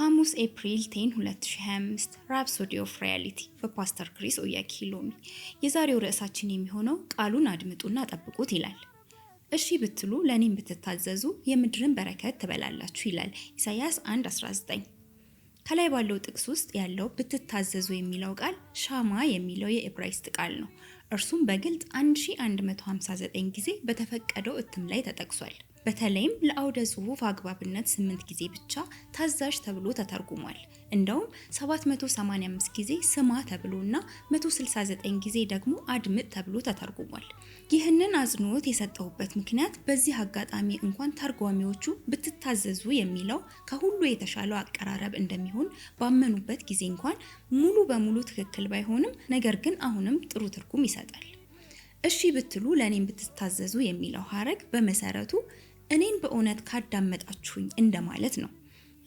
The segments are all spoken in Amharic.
ሐሙስ ኤፕሪል 10 2025 ራፕሶዲ ኦፍ ሪያሊቲ በፓስተር ክሪስ ኦያኪሎሚ። የዛሬው ርዕሳችን የሚሆነው ቃሉን አድምጡና ጠብቁት ይላል። እሺ ብትሉ ለእኔም ብትታዘዙ የምድርን በረከት ትበላላችሁ ይላል ኢሳይያስ 1:19። ከላይ ባለው ጥቅስ ውስጥ ያለው ብትታዘዙ የሚለው ቃል ሻማ የሚለው የዕብራይስጥ ቃል ነው። እርሱም በግልጽ 1159 ጊዜ በተፈቀደው እትም ላይ ተጠቅሷል። በተለይም ለአውደ ጽሑፍ አግባብነት ስምንት ጊዜ ብቻ ታዛዥ ተብሎ ተተርጉሟል። እንደውም 785 ጊዜ ስማ እና 169 ጊዜ ደግሞ አድምጥ ተብሎ ተተርጉሟል። ይህንን አጽንኦት የሰጠሁበት ምክንያት በዚህ አጋጣሚ እንኳን ተርጓሚዎቹ ብትታዘዙ የሚለው ከሁሉ የተሻለው አቀራረብ እንደሚሆን ባመኑበት ጊዜ እንኳን ሙሉ በሙሉ ትክክል ባይሆንም፣ ነገር ግን አሁንም ጥሩ ትርጉም ይሰጣል። እሺ ብትሉ ለእኔም ብትታዘዙ የሚለው ሀረግ በመሰረቱ እኔን በእውነት ካዳመጣችሁኝ እንደማለት ነው።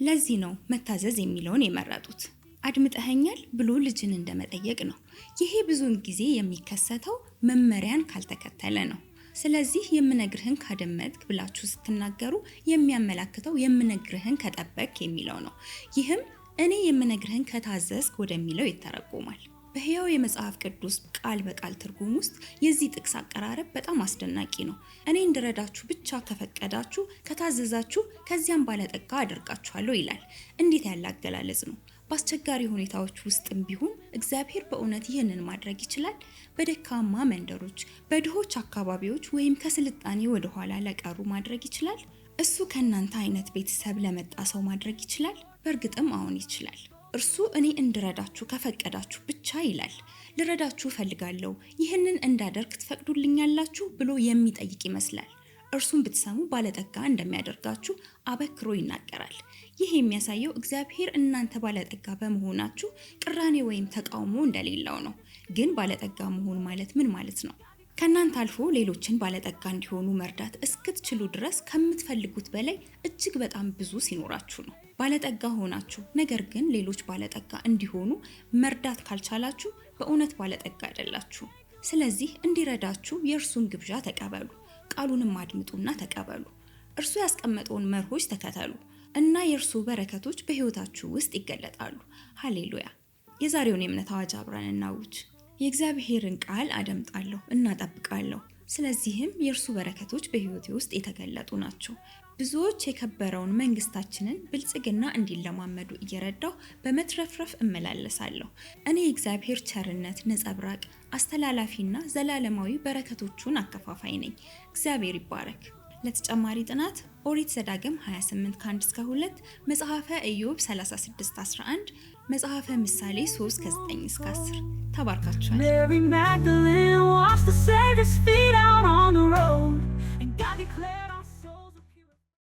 ለዚህ ነው መታዘዝ የሚለውን የመረጡት። አድምጠኸኛል ብሎ ልጅን እንደመጠየቅ ነው። ይሄ ብዙውን ጊዜ የሚከሰተው መመሪያን ካልተከተለ ነው። ስለዚህ የምነግርህን ካደመጥክ ብላችሁ ስትናገሩ የሚያመላክተው የምነግርህን ከጠበቅ የሚለው ነው። ይህም እኔ የምነግርህን ከታዘዝክ ወደሚለው ይተረጎማል። በሕያው የመጽሐፍ ቅዱስ ቃል በቃል ትርጉም ውስጥ የዚህ ጥቅስ አቀራረብ በጣም አስደናቂ ነው። እኔ እንድረዳችሁ ብቻ ከፈቀዳችሁ፣ ከታዘዛችሁ፣ ከዚያም ባለጠጋ አደርጋችኋለሁ ይላል። እንዴት ያለ አገላለጽ ነው! በአስቸጋሪ ሁኔታዎች ውስጥም ቢሆን እግዚአብሔር በእውነት ይህንን ማድረግ ይችላል። በደካማ መንደሮች፣ በድሆች አካባቢዎች ወይም ከስልጣኔ ወደኋላ ለቀሩ ማድረግ ይችላል። እሱ ከእናንተ አይነት ቤተሰብ ለመጣ ሰው ማድረግ ይችላል። በእርግጥም አሁን ይችላል። እርሱ እኔ እንድረዳችሁ ከፈቀዳችሁ ብቻ ይላል። ልረዳችሁ እፈልጋለሁ፣ ይህንን እንዳደርግ ትፈቅዱልኛላችሁ ብሎ የሚጠይቅ ይመስላል። እርሱን ብትሰሙ ባለጠጋ እንደሚያደርጋችሁ አበክሮ ይናገራል። ይህ የሚያሳየው እግዚአብሔር እናንተ ባለጠጋ በመሆናችሁ ቅራኔ ወይም ተቃውሞ እንደሌለው ነው። ግን ባለጠጋ መሆን ማለት ምን ማለት ነው? ከእናንተ አልፎ ሌሎችን ባለጠጋ እንዲሆኑ መርዳት እስክትችሉ ድረስ ከምትፈልጉት በላይ እጅግ በጣም ብዙ ሲኖራችሁ ነው። ባለጠጋ ሆናችሁ ነገር ግን ሌሎች ባለጠጋ እንዲሆኑ መርዳት ካልቻላችሁ በእውነት ባለጠጋ አይደላችሁ። ስለዚህ እንዲረዳችሁ የእርሱን ግብዣ ተቀበሉ፣ ቃሉንም አድምጡና ተቀበሉ። እርሱ ያስቀመጠውን መርሆች ተከተሉ እና የእርሱ በረከቶች በሕይወታችሁ ውስጥ ይገለጣሉ። ሀሌሉያ! የዛሬውን የእምነት አዋጅ አብረን እናውጅ። የእግዚአብሔርን ቃል አደምጣለሁ እናጠብቃለሁ። ስለዚህም የእርሱ በረከቶች በሕይወቴ ውስጥ የተገለጡ ናቸው። ብዙዎች የከበረውን መንግስታችንን ብልጽግና እንዲለማመዱ እየረዳሁ በመትረፍረፍ እመላለሳለሁ። እኔ የእግዚአብሔር ቸርነት ነጸብራቅ፣ አስተላላፊና ዘላለማዊ በረከቶቹን አከፋፋይ ነኝ። እግዚአብሔር ይባረክ። ለተጨማሪ ጥናት ኦሪት ዘዳግም 28 ከ1 እስከ 2፣ መጽሐፈ ኢዮብ 36 11፣ መጽሐፈ ምሳሌ 3 ከ9 እስከ 10። ተባርካችኋል።